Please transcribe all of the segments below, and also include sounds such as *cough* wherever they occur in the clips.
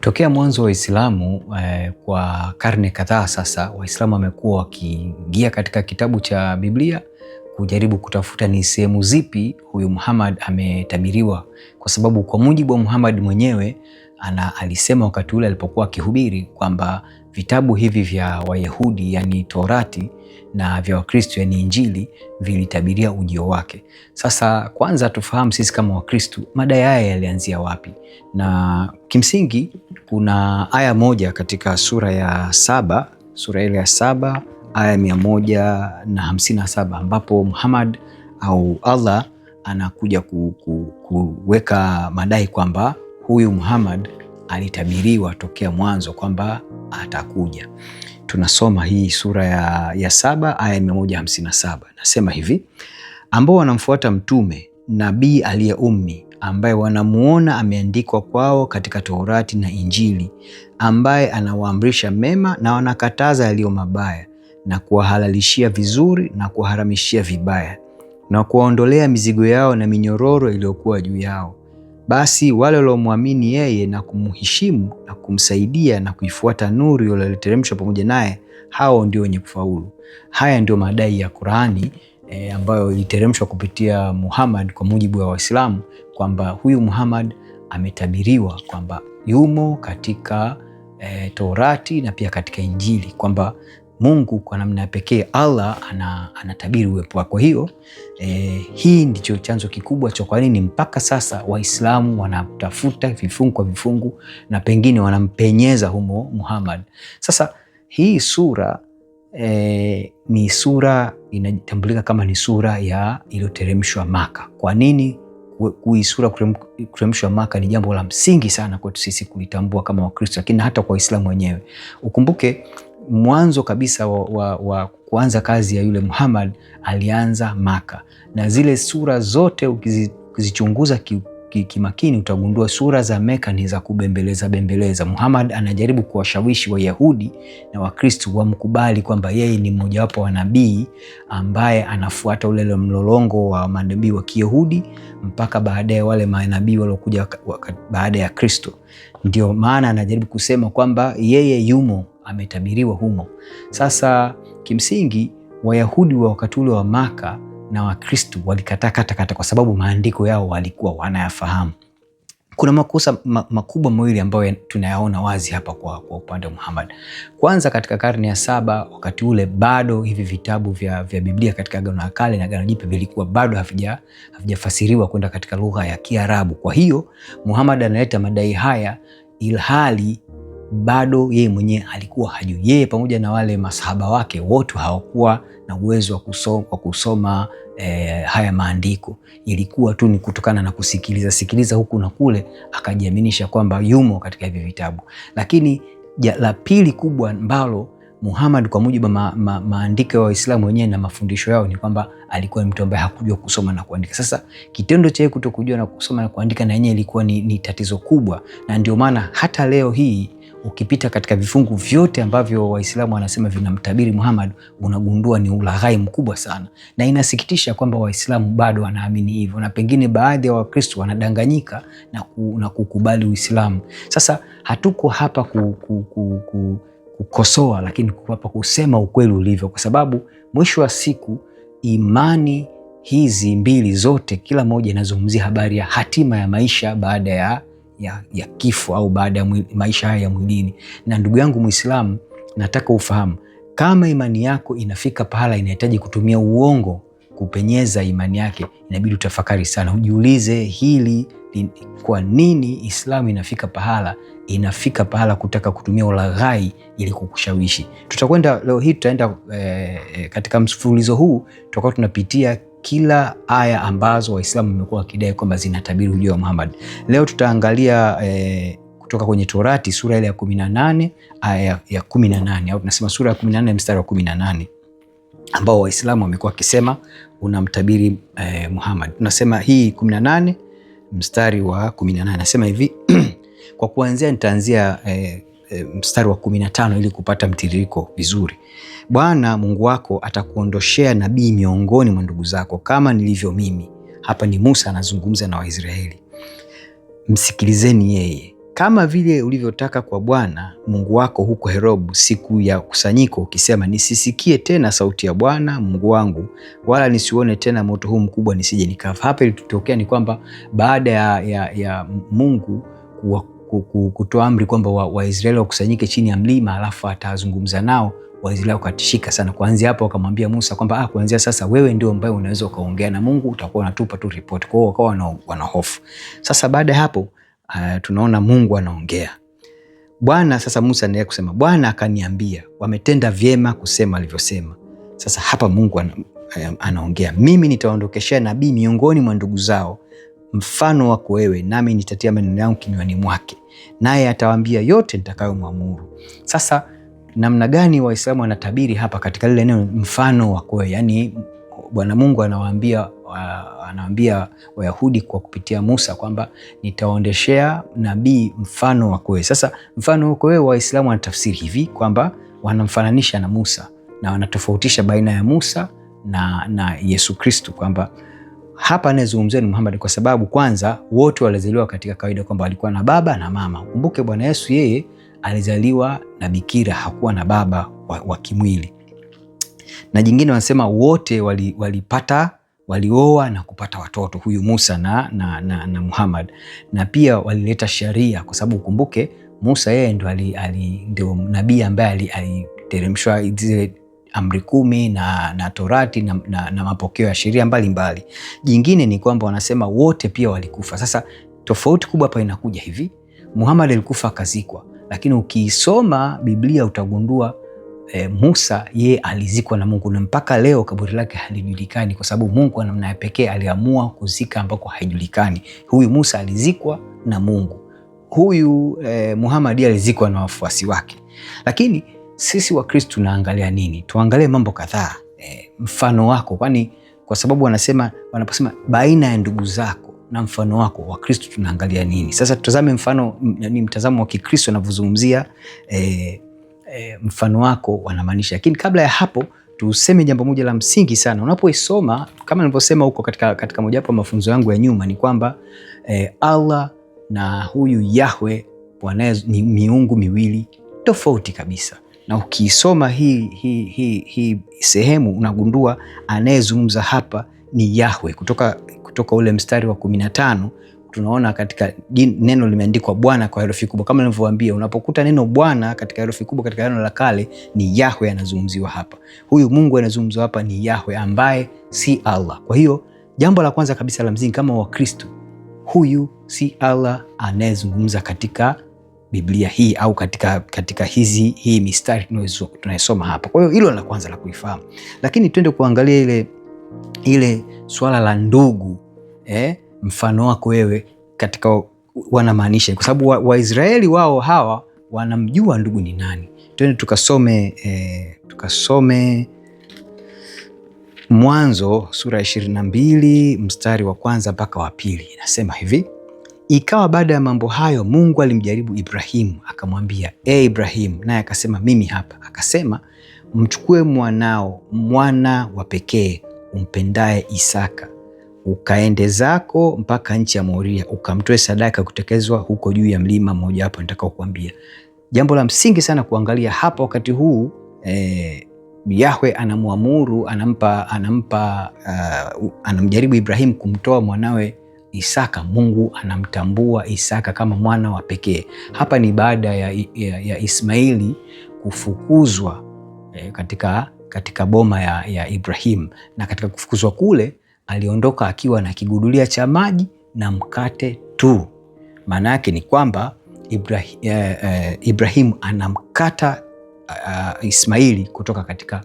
Tokea mwanzo wa Uislamu eh, kwa karne kadhaa sasa Waislamu wamekuwa wakiingia katika kitabu cha Biblia kujaribu kutafuta ni sehemu zipi huyu Muhammad ametabiriwa, kwa sababu kwa mujibu wa Muhammad mwenyewe ana alisema wakati ule alipokuwa akihubiri kwamba vitabu hivi vya Wayahudi yani Torati na vya Wakristo yani Injili vilitabiria ujio wake. Sasa kwanza tufahamu sisi kama Wakristo madai haya yalianzia wapi, na kimsingi kuna aya moja katika sura ya saba, sura ile ya saba aya mia moja na hamsini na saba ambapo Muhammad au Allah anakuja ku, ku, kuweka madai kwamba huyu Muhammad alitabiriwa tokea mwanzo kwamba atakuja. Tunasoma hii sura ya, ya saba aya mia moja hamsini na saba nasema hivi, ambao wanamfuata mtume nabii aliye ummi ambaye wanamuona ameandikwa kwao katika tourati na Injili, ambaye anawaamrisha mema na wanakataza yaliyo mabaya na kuwahalalishia vizuri na kuwaharamishia vibaya na kuwaondolea mizigo yao na minyororo iliyokuwa juu yao. Basi wale waliomwamini yeye na kumheshimu na kumsaidia na kuifuata nuru iliyoteremshwa pamoja naye, hao ndio wenye kufaulu. Haya ndio madai ya Qurani e, ambayo iliteremshwa kupitia Muhammad kwa mujibu wa Waislamu kwamba huyu Muhammad ametabiriwa kwamba yumo katika e, eh, Torati na pia katika Injili kwamba Mungu kwa namna ya pekee Allah ana, anatabiri uwepo wako. Hiyo eh, hii ndicho chanzo kikubwa cha kwa nini mpaka sasa Waislamu wanatafuta vifungu kwa vifungu na pengine wanampenyeza humo Muhammad. Sasa hii sura eh, ni sura inatambulika kama ni sura ya iliyoteremshwa Maka. Kwa nini hii sura kuremshwa Maka ni jambo la msingi sana kwetu sisi kulitambua kama Wakristo, lakini hata kwa Waislamu wenyewe ukumbuke mwanzo kabisa wa, wa, wa kuanza kazi ya yule Muhammad alianza Maka, na zile sura zote ukizichunguza ki, ki, kimakini utagundua sura za Meka ni za kubembeleza bembeleza. Muhammad anajaribu kuwashawishi Wayahudi na Wakristu wamkubali kwamba yeye ni mmojawapo wa nabii ambaye anafuata ule mlolongo wa manabii wa Kiyahudi mpaka baadaye wale manabii waliokuja baada ya Kristo. Ndio maana anajaribu kusema kwamba yeye yumo ametabiriwa humo. Sasa kimsingi Wayahudi wa wakati ule wa Maka na Wakristo walikataa katakata, kwa sababu maandiko yao walikuwa wanayafahamu. Kuna makosa makubwa mawili ambayo tunayaona wazi hapa kwa, kwa upande wa Muhammad. Kwanza, katika karne ya saba wakati ule bado hivi vitabu vya, vya Biblia katika Agano la Kale na Agano Jipya vilikuwa bado havijafasiriwa kwenda katika lugha ya Kiarabu. Kwa hiyo Muhammad analeta madai haya ilhali bado yeye mwenyewe alikuwa hajui. Yeye pamoja na wale masahaba wake wote hawakuwa na uwezo wa kusoma, wa kusoma eh, haya maandiko. Ilikuwa tu ni kutokana na kusikiliza sikiliza huku na kule, akajiaminisha kwamba yumo katika hivi vitabu. Lakini ja, la pili kubwa ambalo Muhammad kwa mujibu wa ma, ma, maandiko ya Waislamu wenyewe na mafundisho yao ni kwamba alikuwa mtu ambaye hakujua kusoma na kuandika. Sasa kitendo cha kutokujua na kusoma na kuandika na yenyewe ilikuwa ni, ni tatizo kubwa, na ndio maana hata leo hii ukipita katika vifungu vyote ambavyo Waislamu wanasema vinamtabiri Muhammad unagundua ni ulaghai mkubwa sana, na inasikitisha kwamba Waislamu bado wanaamini hivyo, na pengine baadhi ya Wakristo wanadanganyika na, ku, na kukubali Uislamu. Sasa hatuko hapa ku, ku, ku, ku, kukosoa, lakini hapa kusema ukweli ulivyo, kwa sababu mwisho wa siku imani hizi mbili zote, kila moja inazungumzia habari ya hatima ya maisha baada ya ya, ya kifo au baada ya maisha haya ya mwilini. Na ndugu yangu Muislamu, nataka ufahamu kama imani yako inafika pahala inahitaji kutumia uongo kupenyeza imani yake, inabidi utafakari sana, ujiulize hili kwa nini Islamu inafika pahala inafika pahala kutaka kutumia ulaghai ili kukushawishi. Tutakwenda leo hii tutaenda e, katika mfululizo huu tutakuwa tunapitia kila aya ambazo Waislamu wamekuwa wakidai kwamba zinatabiri ujio wa Muhammad. Leo tutaangalia e, kutoka kwenye Torati sura ile ya 18 aya ya 18 au tunasema sura ya 18 mstari wa 18 ambao Waislamu wamekuwa wakisema unamtabiri e, Muhammad. Tunasema hii 18 mstari wa 18 nasema hivi *clears throat* kwa kuanzia nitaanzia e, e, mstari wa 15 ili kupata mtiririko vizuri. Bwana Mungu wako atakuondoshea nabii miongoni mwa ndugu zako kama nilivyo mimi. Hapa ni Musa anazungumza na Waisraeli. Msikilizeni yeye kama vile ulivyotaka kwa Bwana Mungu wako huko Herobu siku ya kusanyiko, ukisema, nisisikie tena sauti ya Bwana Mungu wangu, wala nisione tena moto huu mkubwa, nisije nikafa. Hapa ilitokea ni kwamba baada ya, ya, ya Mungu kutoa amri kwamba Waisraeli wa wakusanyike chini ya mlima, alafu atazungumza nao Waisraeli wakatishika sana. Kuanzia hapo wakamwambia Musa kwamba ah, kuanzia sasa wewe ndio ambaye unaweza ukaongea na Mungu, utakuwa unatupa tu ripoti. Kwa hiyo wakawa wana hofu. Sasa baada ya hapo uh, tunaona Mungu anaongea. Bwana sasa Musa anaendelea kusema, Bwana akaniambia wametenda vyema kusema alivyosema. Sasa hapa Mungu ana, eh, anaongea, mimi nitaondokeshea nabii miongoni mwa ndugu zao mfano wako wewe, nami nitatia maneno yangu kinywani mwake, naye atawaambia yote nitakayomwamuru. Sasa namna gani Waislamu wanatabiri hapa katika lile neno mfano wa kweli, yani Bwana Mungu anawaambia anawaambia Wayahudi kwa kupitia Musa kwamba nitaondeshea nabii mfano wa kweli. Sasa mfano wa wewe Waislamu wanatafsiri hivi kwamba wanamfananisha na Musa na wanatofautisha baina ya Musa na, na Yesu Kristo kwamba hapa anayezungumzia ni Muhammad kwa sababu kwanza wote walizaliwa katika kawaida kwamba walikuwa na baba na mama. Kumbuke Bwana Yesu yeye alizaliwa na bikira, hakuwa na baba wa, wa kimwili. Na jingine wanasema wote walipata wali walioa na kupata watoto, huyu Musa na, na, na, na Muhammad, na pia walileta sharia, kwa sababu ukumbuke Musa yeye ndo ndio nabii ambaye aliteremshwa zile amri kumi na, na torati na, na, na mapokeo ya sheria mbalimbali. Jingine ni kwamba wanasema wote pia walikufa. Sasa tofauti kubwa hapa inakuja hivi, Muhammad alikufa akazikwa, lakini ukiisoma Biblia utagundua e, Musa yeye alizikwa na Mungu na mpaka leo kaburi lake halijulikani, kwa sababu Mungu kwa namna ya pekee aliamua kuzika ambako haijulikani. Huyu Musa alizikwa na Mungu, huyu e, Muhammad alizikwa na wafuasi wake. Lakini sisi Wakristo tunaangalia nini? Tuangalie mambo kadhaa E, mfano wako, kwani kwa sababu wanasema wanaposema baina ya ndugu zako na mfano wako wa Kristo tunaangalia nini? Sasa tutazame mfano, ni mtazamo wa Kikristo anavyozungumzia e, e, mfano wako wanamaanisha. Lakini kabla ya hapo tuseme jambo moja la msingi sana. Unapoisoma kama nilivyosema huko katika, katika mojawapo mafunzo yangu ya nyuma ni kwamba e, Allah na huyu Yahwe wanaye ni miungu miwili tofauti kabisa na ukiisoma hii hii hii hii sehemu unagundua anayezungumza hapa ni Yahwe kutoka kutoka ule mstari wa kumi na tano tunaona katika neno limeandikwa Bwana kwa herufi kubwa. Kama nilivyowaambia, unapokuta neno Bwana katika herufi kubwa katika neno la kale ni Yahwe anazungumziwa hapa. Huyu Mungu anazungumziwa hapa ni Yahwe ambaye si Allah. Kwa hiyo jambo la kwanza kabisa la msingi kama Wakristo, huyu si Allah anayezungumza katika Biblia hii au katika, katika hizi hii mistari tunayosoma hapa. Kwa hiyo hilo la kwanza la kuifahamu, lakini twende kuangalia ile ile swala la ndugu eh, mfano wako wewe katika wanamaanisha, kwa sababu Waisraeli wa wao hawa wanamjua ndugu ni nani. Twende tukasome eh, tukasome Mwanzo sura ya ishirini na mbili mstari wa kwanza mpaka wa pili inasema hivi: Ikawa baada ya mambo hayo, Mungu alimjaribu Ibrahimu akamwambia, e Ibrahimu, naye akasema, mimi hapa. Akasema, mchukue mwanao, mwana wa pekee umpendaye Isaka, ukaende zako mpaka nchi ya Moria, ukamtoe sadaka kutekezwa huko juu ya mlima mmoja wapo nitakao kuambia. Jambo la msingi sana kuangalia hapa wakati huu eh, Yahwe anamwamuru anampa, anampa uh, anamjaribu Ibrahim kumtoa mwanawe Isaka. Mungu anamtambua Isaka kama mwana wa pekee. Hapa ni baada ya, ya, ya Ismaili kufukuzwa eh, katika katika boma ya, ya Ibrahim na katika kufukuzwa kule aliondoka akiwa na kigudulia cha maji na mkate tu. Maana yake ni kwamba Ibrahim, eh, eh, Ibrahim anamkata uh, Ismaili kutoka katika,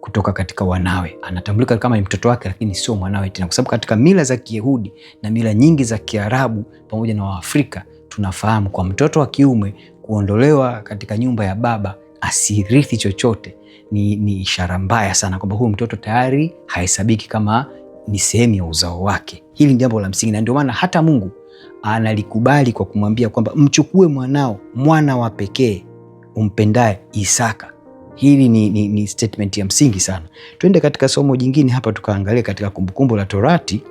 kutoka katika wanawe. Anatambulika kama ni mtoto wake lakini sio mwanawe tena, kwa sababu katika mila za Kiyahudi na mila nyingi za Kiarabu pamoja na Waafrika tunafahamu kwa mtoto wa kiume kuondolewa katika nyumba ya baba asirithi chochote ni, ni ishara mbaya sana kwamba huyu mtoto tayari hahesabiki kama ni sehemu ya uzao wake. Hili ni jambo la msingi, na ndio maana hata Mungu analikubali kwa kumwambia kwamba mchukue mwanao, mwana wa pekee umpendaye, Isaka. Hili ni, ni, ni statement ya msingi sana. Twende katika somo jingine hapa tukaangalia katika Kumbukumbu la Torati.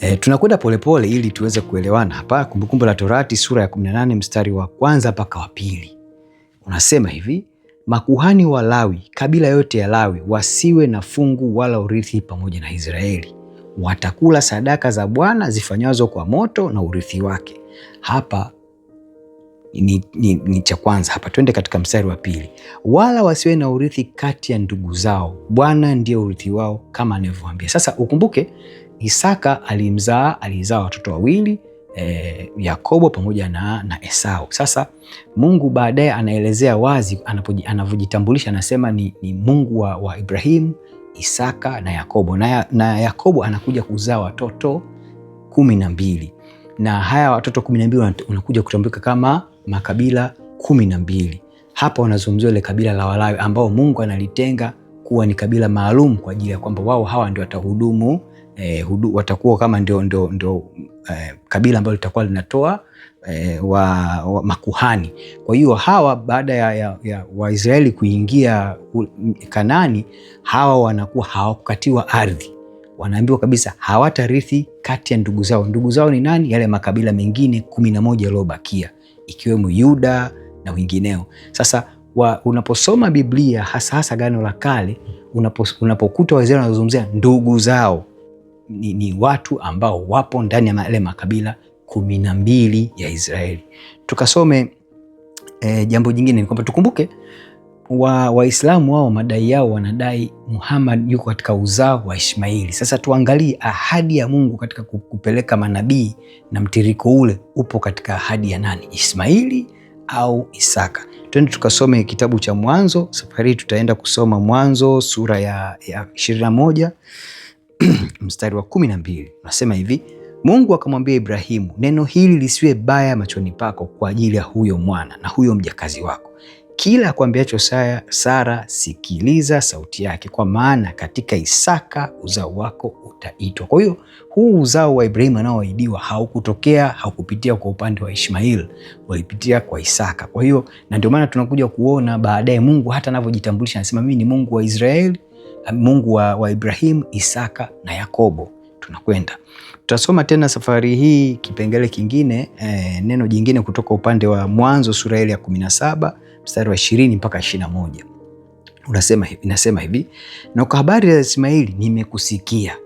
E, tunakwenda polepole ili tuweze kuelewana hapa. Kumbukumbu la Torati sura ya 18 mstari wa kwanza mpaka wa pili unasema hivi: makuhani wa Lawi, kabila yote ya Lawi, wasiwe na fungu wala urithi pamoja na Israeli. Watakula sadaka za Bwana zifanywazo kwa moto na urithi wake. Hapa ni, ni, ni cha kwanza hapa. Twende katika mstari wa pili. Wala wasiwe na urithi kati ya ndugu zao, Bwana ndiye urithi wao kama anavyowaambia. Sasa ukumbuke Isaka alimzaa alizaa watoto wawili e, Yakobo pamoja na, na Esau. Sasa Mungu baadaye anaelezea wazi anavyojitambulisha, anasema ni, ni Mungu wa, wa Ibrahimu, Isaka na Yakobo na, na Yakobo anakuja kuzaa watoto kumi na mbili na haya watoto kumi na mbili wanakuja kutambulika kama makabila kumi na mbili. Hapa wanazungumziwa ile kabila la Walawi ambao Mungu analitenga kuwa ni kabila maalum kwa ajili ya kwamba wao hawa ndio watahudumu eh, hudu, watakuwa kama ndio, ndio, ndio eh, kabila ambalo litakuwa linatoa eh, wa, wa makuhani. Kwa hiyo hawa baada ya, ya, ya Waisraeli kuingia Kanaani, hawa wanakuwa hawakukatiwa ardhi wanaambiwa kabisa hawatarithi kati ya ndugu zao. Ndugu zao ni nani? Yale makabila mengine kumi na moja yaliyobakia ikiwemo Yuda na wengineo. Sasa wa, unaposoma Biblia hasa hasa gano la Kale, unapokuta Waisraeli wanazungumzia ndugu zao, ni, ni watu ambao wapo ndani ya yale makabila kumi na mbili ya Israeli. Tukasome eh, jambo jingine ni kwamba tukumbuke wa Waislamu wao madai yao wanadai Muhammad yuko katika uzao wa Ishmaili. Sasa tuangalie ahadi ya Mungu katika kupeleka manabii na mtiriko ule upo katika ahadi ya nani? Ismaili au Isaka? Twende tukasome kitabu cha Mwanzo. Safari hii tutaenda kusoma Mwanzo sura ya, na moja *clears throat* mstari wa kumi na mbili unasema hivi, Mungu akamwambia Ibrahimu, neno hili lisiwe baya machoni pako kwa ajili ya huyo mwana na huyo mjakazi wako. Kila akwambiacho Sara, Sara sikiliza sauti yake, kwa maana katika Isaka uzao wako utaitwa. Kwa hiyo huu uzao wa Ibrahimu anaoahidiwa haukutokea, haukupitia kwa upande wa Ishmail, walipitia kwa Isaka. Kwa hiyo na ndio maana tunakuja kuona baadaye Mungu hata anavyojitambulisha anasema, mimi ni Mungu wa Israeli Mungu wa, wa Ibrahimu, Isaka na Yakobo. Tunakwenda tutasoma tena safari hii kipengele kingine eh, neno jingine kutoka upande wa Mwanzo sura ile ya 17 mstari wa 20 mpaka 21. Unasema hivi, inasema hivi: na kwa habari ya Ismaili nimekusikia,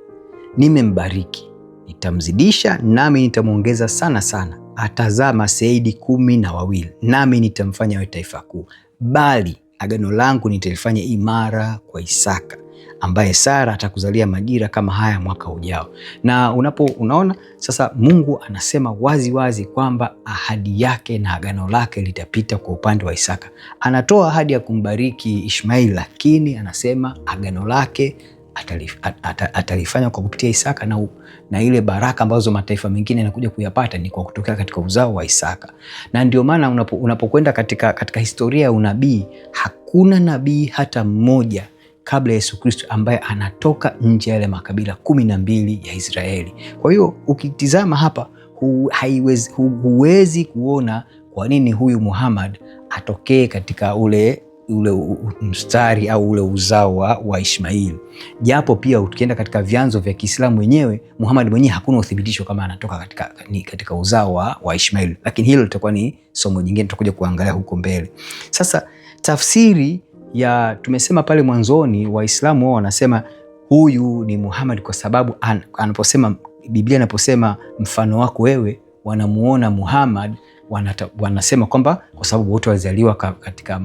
nimembariki, nitamzidisha, nami nitamwongeza sana sana, atazaa maseidi kumi na wawili, nami nitamfanya awe taifa kuu, bali agano langu nitalifanya imara kwa Isaka ambaye Sara atakuzalia majira kama haya mwaka ujao. Na unapo unaona sasa, Mungu anasema wazi wazi kwamba ahadi yake na agano lake litapita kwa upande wa Isaka. Anatoa ahadi ya kumbariki Ishmael, lakini anasema agano lake atalif, at, at, atalifanya kwa kupitia Isaka na, na ile baraka ambazo mataifa mengine yanakuja kuyapata ni kwa kutokea katika uzao wa Isaka. Na ndio maana unapo, unapokwenda katika, katika historia ya unabii hakuna nabii hata mmoja kabla ya Yesu Kristo ambaye anatoka nje ya yale makabila kumi na mbili ya Israeli. Kwa hiyo ukitizama hapa hu, haiwezi, hu, huwezi kuona kwa nini huyu Muhammad atokee katika ule ule mstari au ule uzao wa Ishmaili, japo pia ukienda katika vyanzo vya Kiislamu wenyewe Muhammad mwenyewe hakuna uthibitisho kama anatoka katika, katika uzao wa Ishmaili, lakini hilo litakuwa ni somo jingine, tutakuja kuangalia huko mbele. Sasa tafsiri ya tumesema pale mwanzoni, Waislamu wao wanasema huyu ni Muhammad kwa sababu an, anaposema Biblia inaposema mfano wako wewe, wanamuona Muhammad wanata, wanasema kwamba kwa sababu wote walizaliwa katika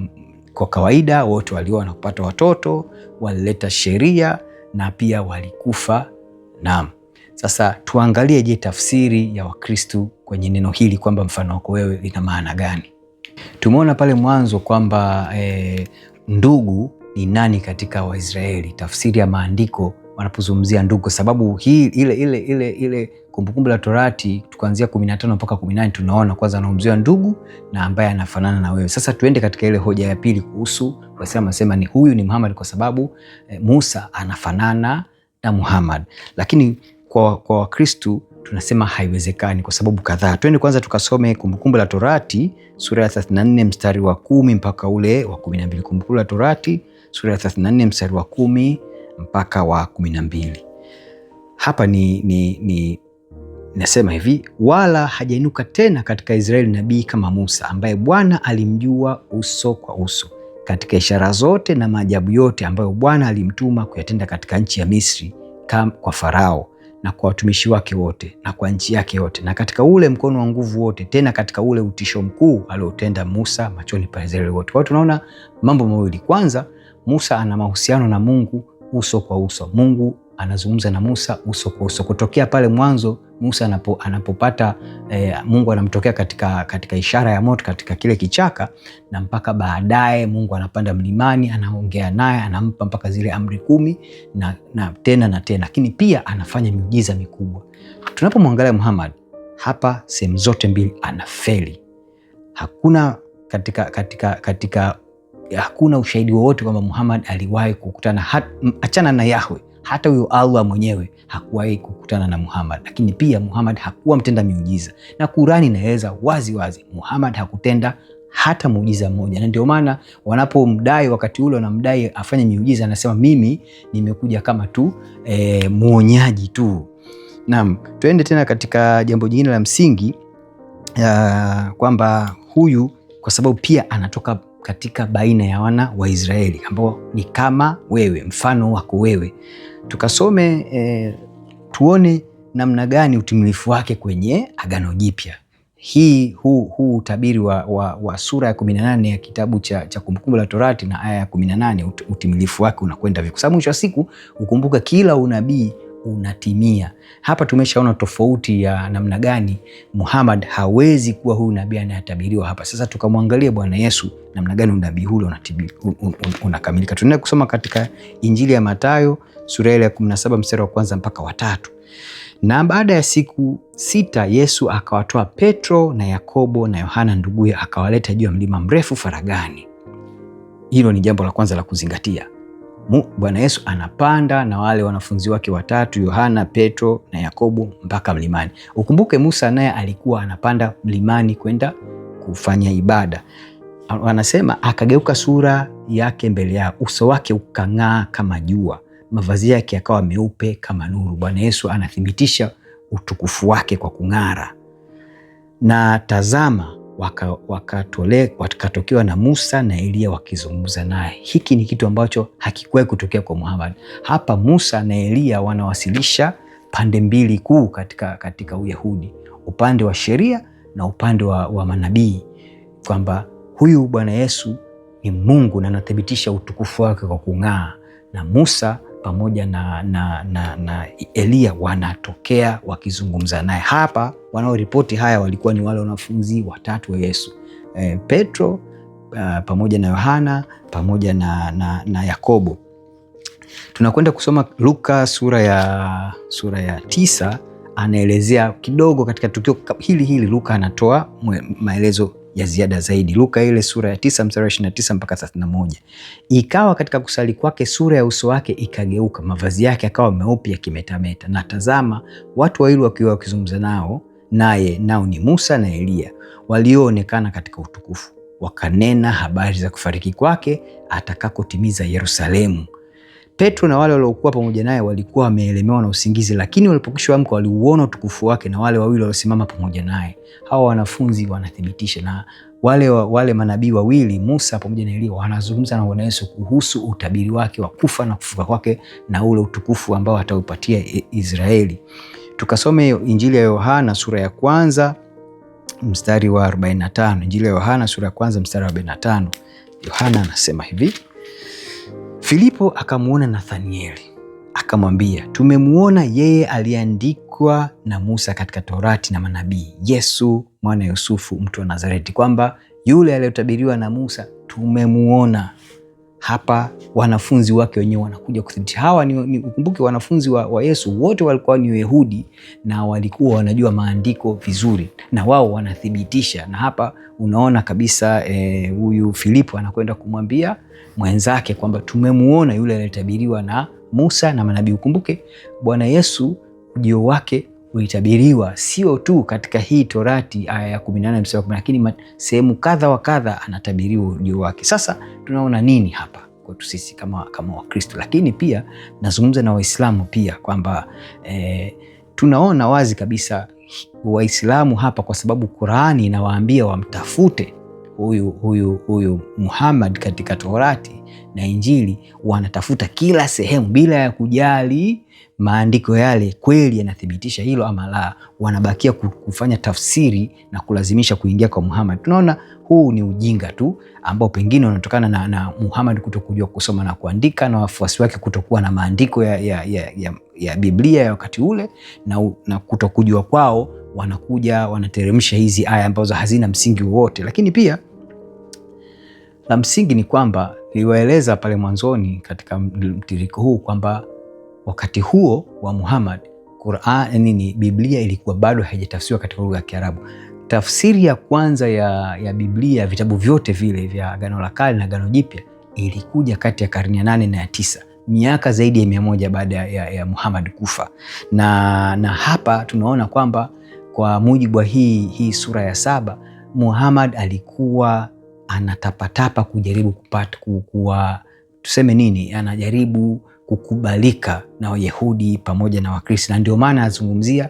kwa kawaida, wote walioa na kupata watoto, walileta sheria na pia walikufa. Naam. Sasa tuangalie, je, tafsiri ya Wakristu kwenye neno hili kwamba mfano wako wewe lina maana gani? Tumeona pale mwanzo kwamba e, ndugu ni nani katika Waisraeli, tafsiri ya maandiko wanapozungumzia ndugu, kwa sababu hii ile ile ile ile Kumbukumbu la Torati tukaanzia 15 mpaka 18, tunaona kwanza anaumziwa ndugu na ambaye anafanana na wewe. Sasa tuende katika ile hoja ya pili kuhusu Waislamu anasema ni huyu ni Muhammad kwa sababu eh, Musa anafanana na Muhammad, lakini kwa Wakristu tunasema haiwezekani kwa sababu kadhaa. Twende kwanza tukasome Kumbukumbu la Torati sura ya 34 mstari wa kumi mpaka ule wa 12. Kumbukumbu la Torati sura ya 34 mstari wa kumi mpaka wa 12. Hapa ni, ni, ni nasema hivi, wala hajainuka tena katika Israeli nabii kama Musa, ambaye Bwana alimjua uso kwa uso katika ishara zote na maajabu yote ambayo Bwana alimtuma kuyatenda katika nchi ya Misri, kwa Farao na kwa watumishi wake wote na kwa nchi yake yote na katika ule mkono wa nguvu wote, tena katika ule utisho mkuu aliotenda Musa machoni pa Israeli wote. Kwa hiyo tunaona mambo mawili. Kwanza, Musa ana mahusiano na Mungu uso kwa uso. Mungu anazungumza na Musa uso kwa uso kutokea pale mwanzo Musa anapo, anapopata e, Mungu anamtokea katika, katika ishara ya moto katika kile kichaka na mpaka baadaye Mungu anapanda mlimani anaongea naye anampa mpaka zile amri kumi na, na tena na tena, lakini pia anafanya miujiza mikubwa. Tunapomwangalia Muhammad hapa, sehemu zote mbili anafeli. Hakuna katika, katika, katika, hakuna ushahidi wowote kwamba Muhammad aliwahi kukutana, achana na Yahwe hata huyo Allah mwenyewe hakuwahi kukutana na Muhammad, lakini pia Muhammad hakuwa mtenda miujiza, na Qurani inaeleza wazi wazi Muhammad hakutenda hata muujiza mmoja, na ndio maana wanapomdai wakati ule wanamdai afanye miujiza, anasema mimi nimekuja kama tu e, eh, muonyaji tu. Naam, tuende tena katika jambo jingine la msingi kwamba huyu kwa sababu pia anatoka katika baina ya wana wa Israeli ambao ni kama wewe, mfano wako wewe. Tukasome e, tuone namna gani utimilifu wake kwenye Agano Jipya. Hii huu, hu, utabiri wa, wa, wa sura ya 18 ya kitabu cha, cha Kumbukumbu la Torati na aya ya 18 ut, utimilifu wake unakwenda vipi? Kwa sababu mwisho wa siku ukumbuka kila unabii unatimia. Hapa tumeshaona tofauti ya namna gani Muhammad hawezi kuwa huyu nabii anayetabiriwa hapa. Sasa tukamwangalia Bwana Yesu namna gani unabii hule unakamilika. Tunaenda kusoma katika Injili ya matayo sura ile ya 17 mstari wa kwanza mpaka watatu. Na baada ya siku sita Yesu akawatoa Petro na Yakobo na Yohana nduguye akawaleta juu ya mlima mrefu faragani. Hilo ni jambo la kwanza la kuzingatia. Bwana Yesu anapanda na wale wanafunzi wake watatu Yohana, Petro na Yakobo mpaka mlimani. Ukumbuke Musa naye alikuwa anapanda mlimani kwenda kufanya ibada. Anasema akageuka sura yake mbele yao, uso wake ukang'aa kama jua, mavazi yake yakawa meupe kama nuru. Bwana Yesu anathibitisha utukufu wake kwa kung'ara, na tazama wakatokewa waka waka na Musa na Eliya wakizungumza naye. Hiki ni kitu ambacho hakikuwahi kutokea kwa Muhammad. Hapa Musa na Eliya wanawasilisha pande mbili kuu katika, katika Uyahudi, upande wa sheria na upande wa, wa manabii, kwamba huyu Bwana Yesu ni Mungu na anathibitisha utukufu wake kwa kung'aa na Musa pamoja na, na, na, na Eliya wanatokea wakizungumza naye. Hapa wanaoripoti haya walikuwa ni wale wanafunzi watatu wa Yesu e, Petro uh, pamoja na Yohana pamoja na, na, na Yakobo. Tunakwenda kusoma Luka sura ya, sura ya tisa anaelezea kidogo katika tukio hili hili. Luka anatoa maelezo ya ziada zaidi. Luka ile sura ya tisa mstari wa 29 mpaka 31. Ikawa katika kusali kwake sura ya uso wake ikageuka, mavazi yake akawa meupe yakimetameta, na tazama, watu wawili wakiwa wakizungumza nao naye, nao ni Musa na Eliya walioonekana katika utukufu, wakanena habari za kufariki kwake atakakotimiza Yerusalemu Petro na wale waliokuwa pamoja naye walikuwa wameelemewa na usingizi, lakini walipokisha amka waliuona utukufu wake na wale wawili waliosimama pamoja naye. Hawa wanafunzi wanathibitisha na wale, wale manabii wawili Musa pamoja na Elia wanazungumza na Bwana Yesu kuhusu utabiri wake wa kufa na kufuka kwake na ule utukufu ambao ataupatia Israeli. Tukasome Injili ya Yohana sura ya kwanza mstari wa 45. Injili ya Yohana sura ya kwanza mstari wa 45. Yohana anasema hivi: Filipo akamwona Nathanieli akamwambia, tumemwona yeye aliandikwa na Musa katika Torati na manabii, Yesu mwana Yusufu mtu wa Nazareti, kwamba yule aliyotabiriwa na Musa tumemwona. Hapa wanafunzi wake wenyewe wanakuja kuthibitisha. Hawa ni, ni ukumbuke wanafunzi wa, wa Yesu wote walikuwa ni Wayahudi na walikuwa wanajua maandiko vizuri, na wao wanathibitisha. Na hapa unaona kabisa eh, huyu e, Filipo anakwenda kumwambia mwenzake kwamba tumemuona yule aliyetabiriwa na Musa na manabii. Ukumbuke Bwana Yesu ujio wake ulitabiriwa sio tu katika hii Torati aya ya 18 mstari wa 10, lakini sehemu kadha wa kadha anatabiriwa ujio wake. Sasa tunaona nini hapa kwetu sisi kama, kama Wakristo, lakini pia nazungumza na Waislamu pia kwamba eh, tunaona wazi kabisa Waislamu hapa, kwa sababu Qurani inawaambia wamtafute huyu huyu huyu Muhammad katika Torati na Injili wanatafuta kila sehemu bila ya kujali maandiko yale kweli yanathibitisha hilo ama la, wanabakia kufanya tafsiri na kulazimisha kuingia kwa Muhammad. Tunaona huu ni ujinga tu ambao pengine unatokana na, na Muhammad kutokujua kusoma na kuandika na wafuasi wake kutokuwa na maandiko ya, ya, ya, ya, ya Biblia ya wakati ule na, na kutokujua kwao wanakuja wanateremsha hizi aya ambazo hazina msingi wowote, lakini pia la msingi ni kwamba niliwaeleza pale mwanzoni katika mtiriko huu kwamba wakati huo wa Muhammad Qur'an Biblia ilikuwa bado haijatafsiriwa katika lugha ya Kiarabu. Tafsiri ya kwanza ya, ya Biblia vitabu vyote vile vya Agano la Kale na Agano Jipya ilikuja kati ya karne ya nane na ya tisa miaka zaidi ya mia moja baada ya, ya Muhammad kufa na, na hapa tunaona kwamba kwa mujibu wa hii, hii sura ya saba Muhammad alikuwa anatapatapa kujaribu kupata kuwa tuseme nini, anajaribu kukubalika na Wayahudi pamoja na Wakristo, na ndio maana azungumzia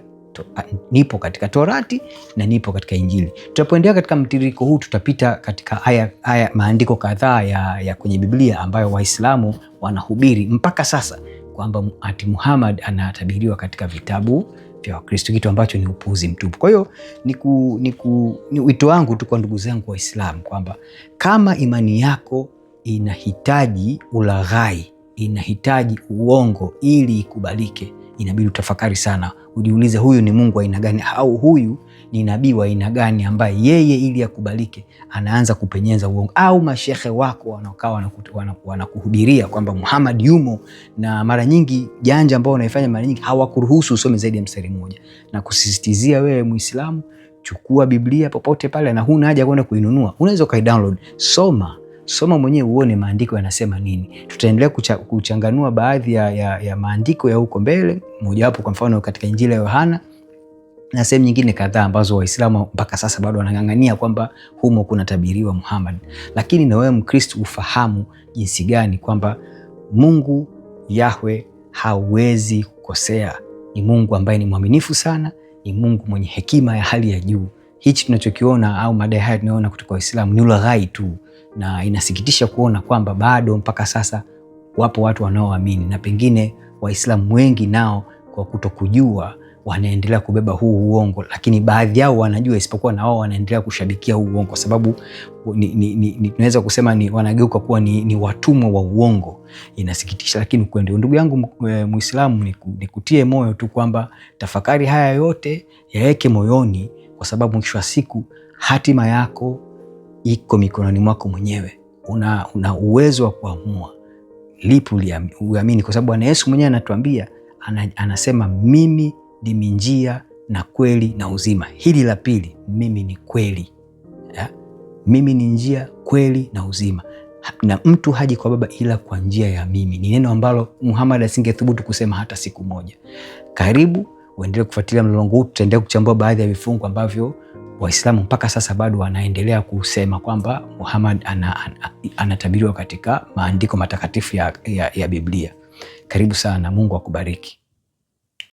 nipo katika Torati na nipo katika Injili. Tutapoendelea katika mtiririko huu, tutapita katika haya haya maandiko kadhaa ya, ya kwenye Biblia ambayo Waislamu wanahubiri mpaka sasa kwamba ati Muhammad anatabiriwa katika vitabu vya Wakristo, kitu ambacho ni upuzi mtupu. Kwa hiyo ni, ku, ni, ku, ni wito wangu tu kwa ndugu zangu Waislamu kwamba kama imani yako inahitaji ulaghai, inahitaji uongo ili ikubalike, inabidi utafakari sana, ujiulize, huyu ni Mungu aina gani? Au huyu ni nabii wa aina gani ambaye yeye ili akubalike anaanza kupenyeza uongo, au mashehe wako wanakaa wanakuhubiria kwamba Muhammad yumo, na mara nyingi janja ambao unaifanya mara nyingi hawakuruhusu usome zaidi ya mstari mmoja, na kusisitizia wewe Muislamu, chukua Biblia popote pale, na huna haja kwenda kuinunua, unaweza ukaidownload, soma soma mwenyewe uone maandiko yanasema nini. Tutaendelea kucha, kuchanganua baadhi ya, ya, ya maandiko ya huko mbele, mojawapo kwa mfano katika Injili ya Yohana na sehemu nyingine kadhaa ambazo Waislamu mpaka sasa bado wanang'ang'ania kwamba humo kunatabiriwa Muhammad. Lakini na wewe Mkristo ufahamu jinsi gani kwamba Mungu Yahwe hawezi kukosea. Ni Mungu ambaye ni mwaminifu sana, ni Mungu mwenye hekima ya hali ya juu. Hichi tunachokiona au madai haya tunayoona kutoka Waislamu ni ulaghai tu, na inasikitisha kuona kwamba bado mpaka sasa wapo watu wanaoamini, na pengine Waislamu wengi nao kwa kutokujua wanaendelea kubeba huu uongo, lakini baadhi yao wanajua, isipokuwa na wao wanaendelea kushabikia huu uongo, kwa sababu tunaweza kusema ni wanageuka kuwa ni, ni watumwa wa uongo. Inasikitisha, lakini kwende, ndugu yangu Muislamu, nikutie moyo tu kwamba tafakari haya yote yaweke moyoni, kwa sababu mwisho wa siku hatima yako iko mikononi mwako mwenyewe. Una, una uwezo wa kuamua lipi uamini, kwa sababu Bwana Yesu mwenyewe anatuambia anasema mimi ndimi njia na kweli na uzima. Hili la pili, mimi ni kweli ya? Mimi ni njia, kweli na uzima, na mtu haji kwa Baba ila kwa njia ya mimi. Ni neno ambalo Muhammad asingethubutu kusema hata siku moja. Karibu uendelee kufuatilia mlolongo huu, tutaendelea kuchambua baadhi ya vifungu ambavyo Waislamu mpaka sasa bado wanaendelea kusema kwamba Muhammad anatabiriwa ana, ana katika maandiko matakatifu ya, ya, ya Biblia. Karibu sana, Mungu akubariki.